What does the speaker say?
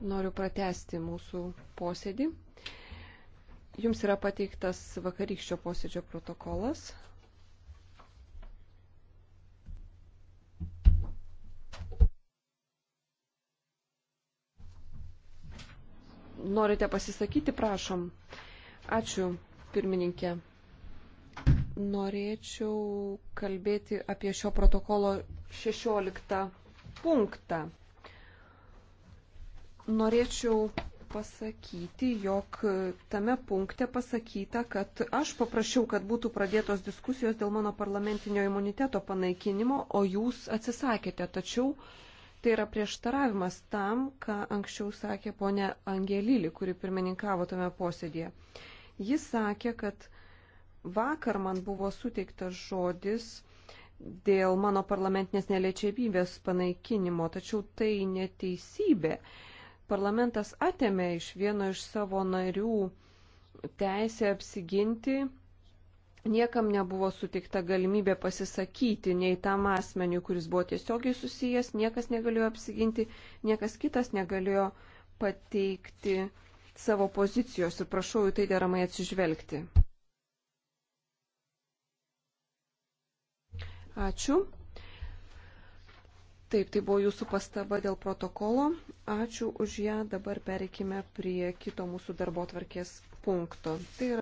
Noriu pratesti mūsų posėdį. Jums yra pateiktas vakarykščio posėdžio protokolas. Norite pasisakyti, prašom. Ačiū, pirmininkė. Norėčiau kalbėti apie šio protokolo 16 punktą norėčiau pasakyti, jog tame punkte pasakyta, kad aš paprašiau, kad būtų pradėtos diskusijos dėl mano parlamentinio imuniteto panaikinimo, o jūs atsisakėte. Tačiau tai yra prieštaravimas tam, ką anksčiau sakė ponė Angelili, kuri pirmininkavo tame posėdėje. Jis sakė, kad vakar man buvo suteiktas žodis dėl mano parlamentinės neliečiamybės panaikinimo, tačiau tai neteisybė Parlamentas atėmė iš vieno iš savo narių teisę apsiginti. Niekam nebuvo sutikta galimybė pasisakyti nei tam asmeniu, kuris buvo tiesiogiai susijęs, niekas negalėjo apsiginti, niekas kitas negalėjo pateikti savo pozicijos ir prašau į tai deramai atsižvelgti. Ačiū. Taip, tai buvo jūsų pastaba dėl protokolo. Ačiū už ją. Dabar pereikime prie kito mūsų darbo tvarkės punkto. Tai yra